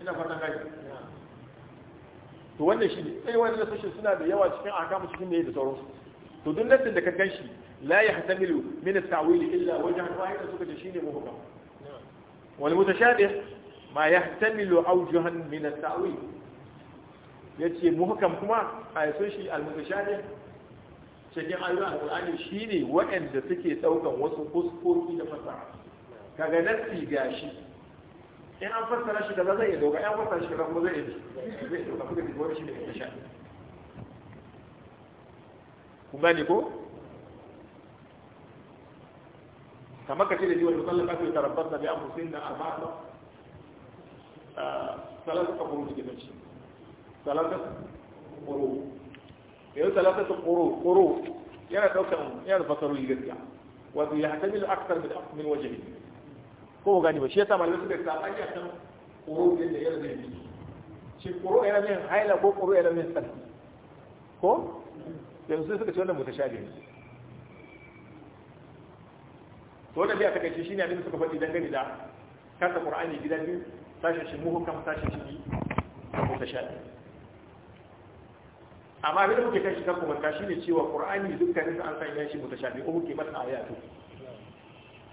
ina fatan kai to wannan shi ne sai wannan nasoshin suna da yawa cikin akamu cikin ne da sauransu to duk nassin da ka gan shi la yahtamilu min at-ta'wil wajen wajhan da suka ce shine muhkam wal mutashabih ma ya yahtamilu awjuhan min at-ta'wil yace muhkam kuma a yaso shi al-mutashabih cikin ayyukan alƙur'ani shine waɗanda suke ɗaukan wasu fuskoki da fasaha kaga nassi gashi in an fassara shi kaza zai iya doga an fassara shi kaza kuma zai iya zai doka kuma zai wani shi ne ya sha kun gane ko kamar ka ce da ji wani musallan kafin tarabbar da bi an musulun da arba'ata ah, salasa ka kuru cikin mace salasa kuru yau talatatu quru quru yana daukan yana fasaroli gaskiya wato ya hatamil akthar min min wajhi ko gani ba shi yasa malamai suka sa an yi san quru din da yana da shi quru yana min haila ko quru yana min sarki ko yanzu suka ce wannan mutashabi ne to wannan biya takaice shine abin da suka faɗi dangane da kasa qur'ani gida biyu sashen shi muhukam sashen shi mutashabi amma abin da muke kashi shi kan kumanta ne cewa qur'ani dukkanin sa an sanya shi umu ke masa ayatu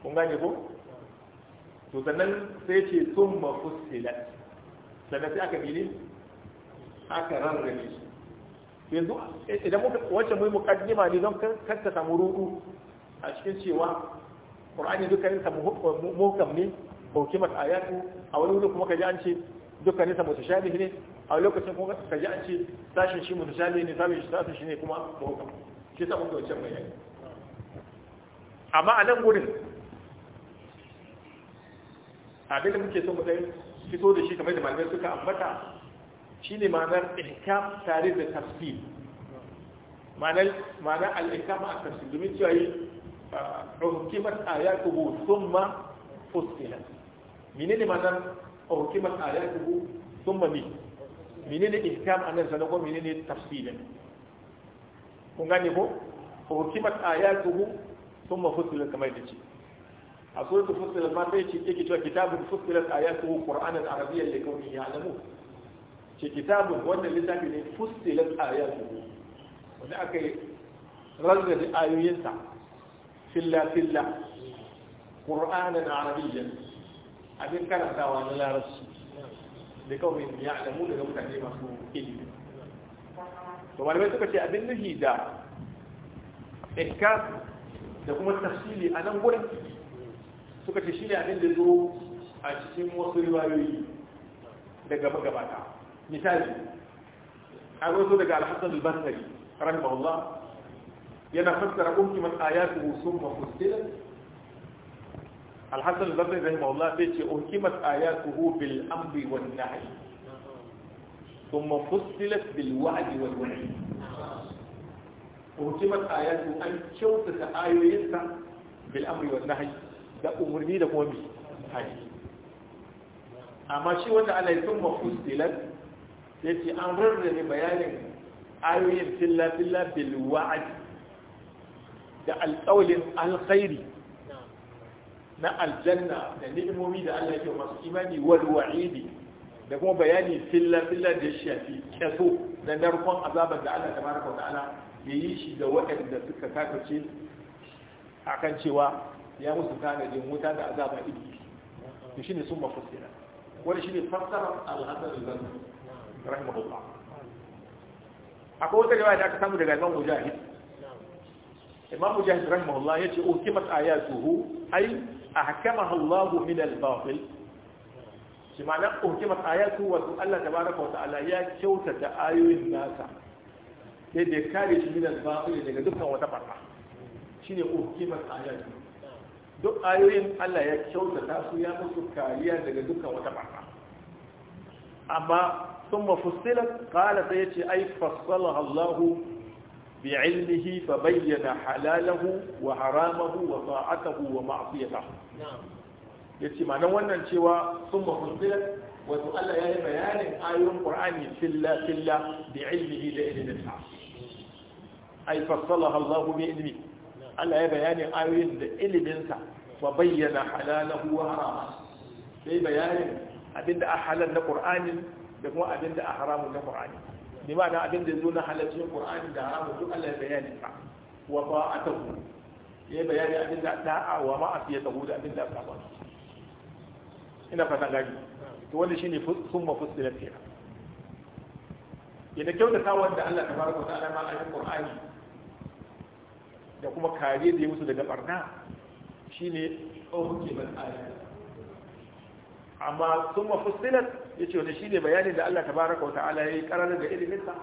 kun gane ko to sannan sai ce sun thumma fussilat sannan sai aka bili aka rarrabe shi yanzu idan muka wacce mu mukaddima ne don kar ta samu rudu a cikin cewa qur'ani dukkanin sa muhukam ne hukimat ayatu a wani wuri kuma ji an ce dukkanin sa shafi ne a lokacin kuma ka ji an ce sashen shi mu mutashabi ne sashen shi sashen shi ne kuma muhkam shi ta muka wancan bayani amma a nan gurin abin da muke son mu dai fito da shi kamar da malamai suka ambata shine ma'anar ihkam tare da tafsir ma'anar ma'anar al-ihkam a tafsir domin cewa yi hukimat ayatuhu thumma fusilat menene ma'anar hukimat ayatuhu thumma ni menene ihkam anan sanan ko menene tafsilin kun gane ko hukimat ayatuhu thumma fusilat kamar da ce a suratul fusilat ma sai ce yake cewa kitabun fusilat ayatuhu qur'anan arabiyyan li qaumin ya'lamu ce kitabun wanda littafi ne fusilat ayatuhu wanda aka yi ranzar da ayoyinsa filla filla qur'anan arabiyyan abin karantawa na larabci da kawai ya alamu daga mutane masu ilimi to malamai suka ce abin nuhi da ikka da kuma tafsili a nan gurin suka ce shi ne abin da zo a cikin wasu riwayoyi daga magabata misali an zo daga alhassan al-basri rahimahullah yana fassara umkiman ayatu summa fustilat alhassan al-basri rahimahullah sai ce uhkimat ayatuhu bil amri wan nahyi thumma fussilat bil wani. wal wa'i aya ayatu an kyautata ayoyinsa bil amri wan nahyi da umarni da kuma hali amma shi wanda Allah ya thumma fussilat sai ce an rarrabe bayanin ayoyin fillafilla, filla bil wa'di da alƙawalin alkhairi na aljanna da ni'imomi da Allah ke masu imani wal wa'idi da kuma bayani filla filla da shafi kaso da narkon azaban da Allah tabaraka wa ta'ala ya yi shi da waɗanda suka kakace akan cewa ya musu da wuta da azaba iri to shine sun mafasira wani shine fassara al-hasan al-basri rahimahullah akwai wata riwaya da aka samu daga Imam Mujahid Imam Mujahid rahimahullah yace ukimat ayatuhu ay ahkamaha Allahu min al-batil shi ma nan hukimat ayatu wa Allah tabaraka wa ta'ala ya kyautata ayoyin nasa sai da kare shi min al-batil daga dukkan wata barka shine hukimat ayatu duk ayoyin Allah ya kyautata su ya musu kariya daga dukkan wata barka amma thumma fussilat qala sai yace ai fassalaha Allahu بعلمه فبين حلاله وحرامه وطاعته ومعصيته yace ma wannan cewa sun mafunsila wato Allah ya yi bayanin ayoyin Qur'ani filla filla bi ilmihi da ilmin sa ay fassalaha Allah bi ilmi Allah ya bayani ayoyin da ilmin sa wa bayyana halalahu wa harama sai abinda a na da abinda a haramun na Qur'ani bi ma'ana abin da zo na halaccin qur'ani da haramu duk Allah ya bayani ba wa ba'atahu ya bayani abin da da'a wa ma'asiyatahu da abin da saba ina fata gani to wanda shine summa fusilat kenan yana kyautata wanda Allah ta wa ta alama ayin qur'ani da kuma kariya da ya musu daga barna shine tsohon kenan ayat amma summa fusilat ya ce wani shi ne bayanin da Allah tabaraka wa ta'ala ya yi ƙarar da iliminsa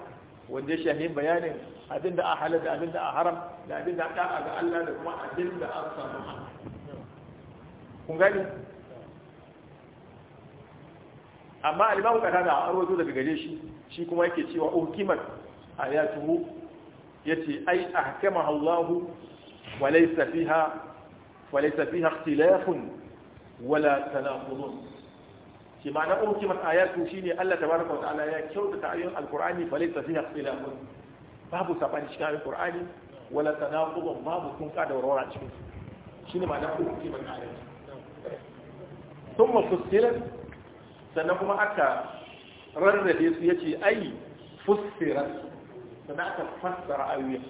wanda ya shahin bayanin abin da a halar da abin da a haram da abin da a ɗa'a ga Allah da kuma abin da an samu kun gani amma alimahu kata da an rozo daga gare shi shi kuma yake cewa uhkimat ayatuhu yace ai ahkamaha Allah wa laysa fiha wa laysa fiha ikhtilafun wala tanaqudun shi ma'ana na umki mas ayatu shine Allah tabaraka wa ta'ala ya kyautata ayoyin alqur'ani fa laysa fiha ikhtilafun babu sabani cikin alqur'ani wala tanaqudun babu kun ka da warwara cikin su shine ma na umki mas ayatu thumma fussilat sannan kuma aka rarrabe su yace ai fussirat sannan aka fassara ayoyin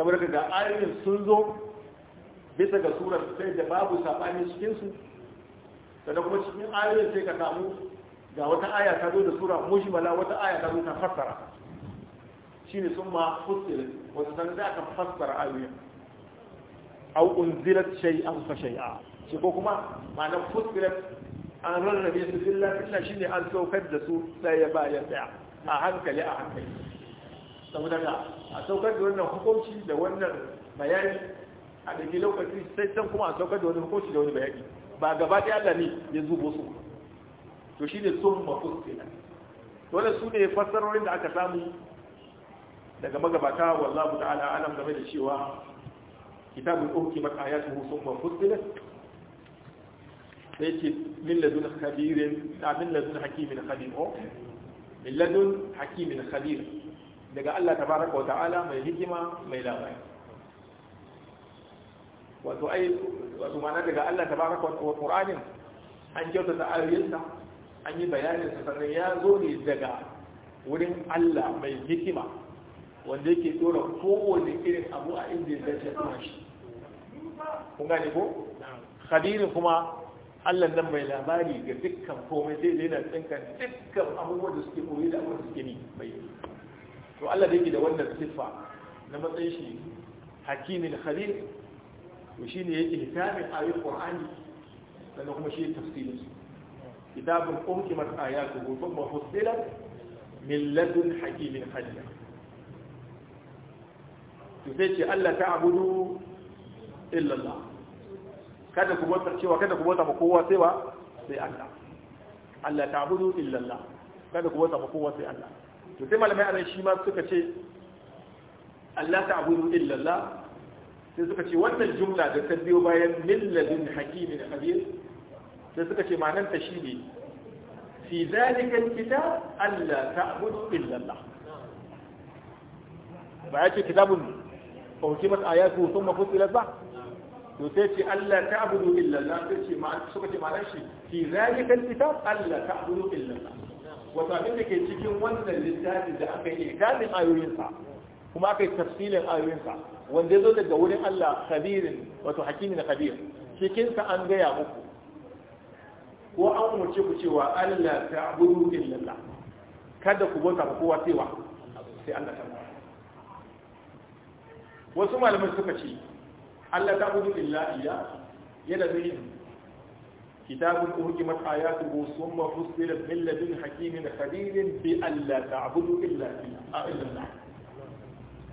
saboda ga ayoyin sun zo bisa ga surar sai da babu sabani cikin su sannan kuma cikin ayoyin sai ka samu ga wata aya ta zo da sura mujmala wata aya ta zo ta fassara shine sun ma fusil wata san da aka fassara ayoyin au unzilat shay'an fa shay'a shi ko kuma ma'anar fussilat an rarrabe su illa illa shine an saukar da su daya bayan daya a hankali a hankali saboda ga a saukar da wannan hukunci da wannan bayani a daga lokaci sai can kuma a saukar da wani hukunci da wani bayani ba gaba ɗaya Allah ne ya zubo su to shine sun mafus kenan dole su ne fassarorin da aka samu daga magabata wallahu ta'ala alam game da cewa maka ya ayatuhu sun mafus kenan sai ce min ladun khabirin da min ladun hakimin khabir o oh, min ladun hakimin khabir daga Allah tabaraka wa ta'ala mai hikima mai labari wato ai wato mana daga Allah tabaraka wa qur'anin an kyautata ayoyinsa an yi bayanin sa sannan ya zo ne daga wurin Allah mai hikima wanda yake dora kowane irin abu a inda ya dace kuma shi kun gane ko khadirin kuma Allah nan mai labari ga dukkan komai sai dai na tsinkan dukkan abubuwan da suke koyi da abubuwan da suke ni bai to Allah da yake da wannan siffa na matsayin shi hakimin khalil مشي ني اهتام اي قران لانه مشي تفصيل كتاب الام كما ايات وكم فصلت من لدن حكيم حجه تفتي ألا تعبدوا الا الله كذا كبوتا تشوا كذا كبوتا مكوا سوى سي الله ألا تعبدوا الا الله كذا كبوتا مكوا سي الله تسمى لما انا شيما سكتي الله تعبد الا الله sai suka ce wannan jumla da ta biyo bayan milladun hakimin khabir sai suka ce manan ta shine fi zalika alkitab alla ta'budu illa Allah ba ya ce kitabun fawqimat ayatu thumma fusilat ba to sai ce Allah ta'budu illa Allah sai ce ma suka ce manan shi fi zalika alkitab alla ta'budu illa Allah wata abin da ke cikin wannan littafin da aka yi ikalin ayoyinsa kuma aka yi tafsilin ayoyinsa wanda ya zo daga wurin Allah khabirin wato hakimin khabir cikinsa an gaya muku ko an umarce ku cewa Allah ta'budu illallah kada ku bauta ba kowa sai sai Allah ta wasu malamai suka ce Allah ta'budu illallah ya yana da yin kitabun uhkimat wa summa fusilat min ladun hakimin khabirin bi alla ta'budu illa illallah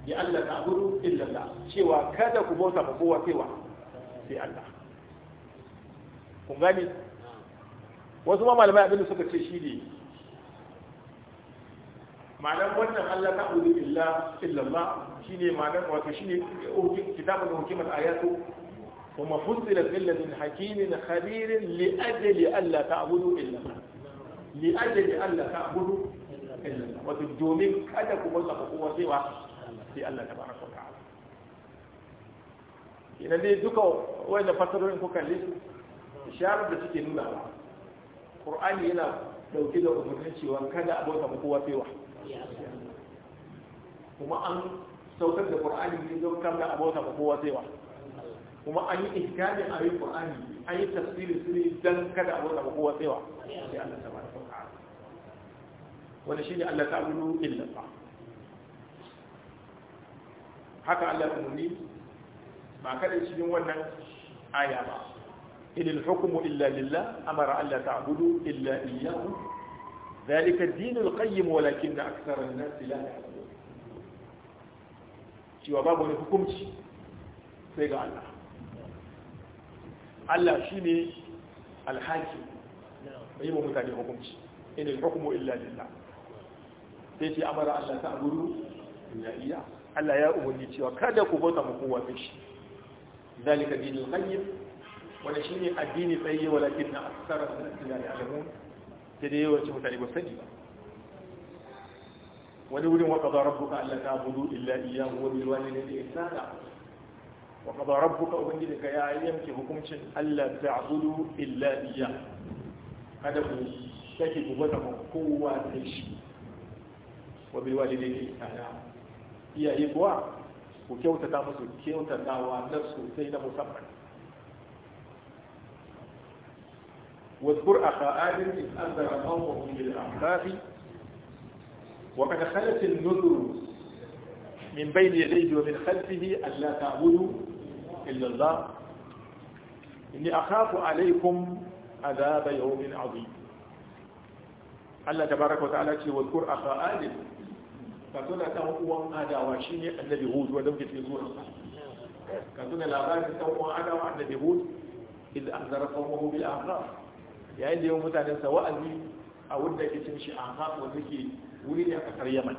ya Allah ta gudu illallah cewa kada ku bauta ba kowa cewa sai Allah kun gani wasu ma malamai abinda suka ce shi ne ma'anar wannan Allah ta gudu illa, shi ne ma'anar wato shi ne kitabun da hukimar ayatu kuma fusilar illalin hakimin khabirin li'ajali Allah ta gudu illallah li'ajali Allah ta gudu illallah wato domin kada ku bauta ba kowa cewa sai Allah ta baraka wa ta'ala ina dai duka da fasarorin ku kalli su isharar da suke nuna ba Qur'ani yana dauke da umarnin cewa kada a bauta kowa fewa kuma an sautar da Qur'ani ne don kada a bauta kowa fewa kuma an yi ihkamin ayoyin Qur'ani an yi tafsirin su ne don kada a bauta kowa fewa wa sai Allah tabaraka wa ta'ala wani shine Allah ta'budu illa Allah haka Allah ya umarni ba kada cikin wannan aya ba idil hukmu illa lillah amara alla ta'budu illa iyyahu dhalika ad-din al-qayyim walakin akthara an-nas la ya'lamun cewa babu wani hukunci sai ga Allah Allah shine al-hakim bai mu mutane hukunci idil hukmu illa lillah sai ce amara alla ta'budu illa iyyahu Allah ya umarni cewa kada ku bauta mu kowa sai shi zalika dinul qayyim wala shine addini tsaye walakin na aksara min la ya'lamun sai dai yawanci mutane ba sani ba wani wurin wa qada rabbuka alla ta'budu illa iyyahu wa bil walidayni ihsana wa qada rabbuka ubangijinka ya yanke hukuncin alla ta'budu illa iyyahu kada ku shaki ku bauta mu kowa sai shi wa bil walidayni ihsana iyaye kuwa ku kyautata musu kyautatawa na sosai na musamman واذكر أخا آدم إذ أنذر قومه بالأحقاف وقد خلت النذر من بين يديه ومن خلفه ألا تعبدوا إلا الله إني أخاف عليكم عذاب يوم عظيم الله تبارك وتعالى واذكر أخا آدم ka tuna dan uwan adawa shine annabi hud wanda muke cikin zuwa. ka tuna labarin dan uwan adawa annabi hud iz anzara qawmahu bil ahqaf yayin da yawan mutanen sa wa'azi a wanda ke cin shi ahqaf wanda ke wuri ne a kasar yaman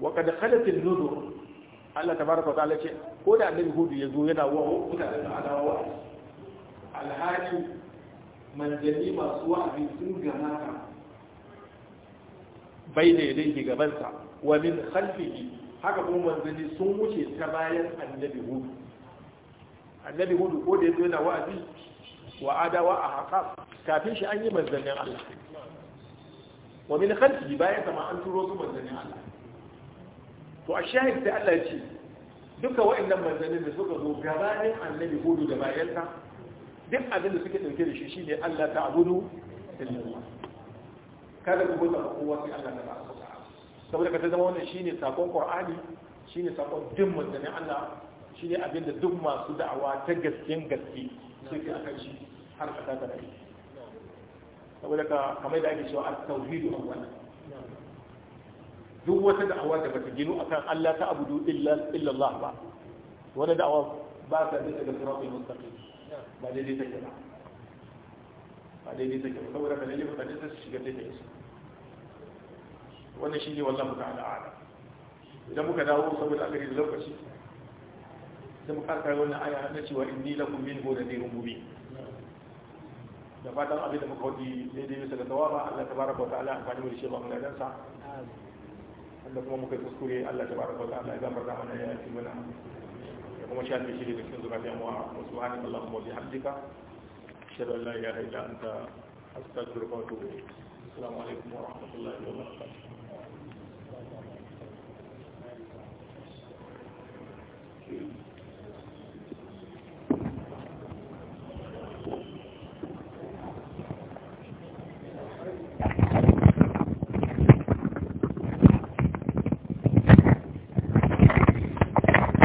wa kad khalat an nudur Allah tabaraka wa ta'ala ce ko da annabi hud ya zo yana wa mutanen adawa wa'azi alhaji manzanni masu wa'azi sun gana bai da yadayhi gabansa wa min khalfihi haka kuma manzanni sun wuce ta bayan annabi hudu annabi hudu ko da yana wa'azi wa adawa a haqab kafin shi an yi manzannin Allah wa min khalfihi bayan sama an turo su manzannin Allah to a shahid sai Allah ya ce duka wa'annan manzannin da suka zo gabanin annabi hudu da bayansa duk abin da suke dauke da shi shine Allah ta'budu illallah ka ku bauta ba kowa sai Allah tabaraka wa ta'ala saboda ka ta zama wannan shine sakon Qur'ani shine sakon duk manzannin Allah shine abin da duk masu da'awa ta gaskiyan gaske suke akan shi har ka ta rai saboda ka kamar da ake cewa at-tauhidu awwalan duk wata da'awa da bata ginu akan Allah ta abudu illa Allah ba wani da'awa ba ta bisa ga siratul mustaqim ba daidai take ba ba daidai take ba saboda ka lalle mutane su shiga take su wannan shine wallahu ta'ala a'lam idan muka dawo saboda aka yi lokaci sai mu karkar wannan aya na cewa inni lakum minhu nadhirun mubin da fatan abin da muka wadi daidai bisa ga tawaba Allah tabaraka wa ta'ala amfani da shi ba mu ladan sa wanda kuma muka kuskure Allah ta tabaraka wa ta'ala ya gafarta mana ya yi mana ya kuma shafe shi da cikin zukatan wa subhanaka allahumma wa bihamdika ashhadu an la ya illa anta astaghfiruka wa atubu ilayk assalamu alaikum wa rahmatullahi wa barakatuh Thank you.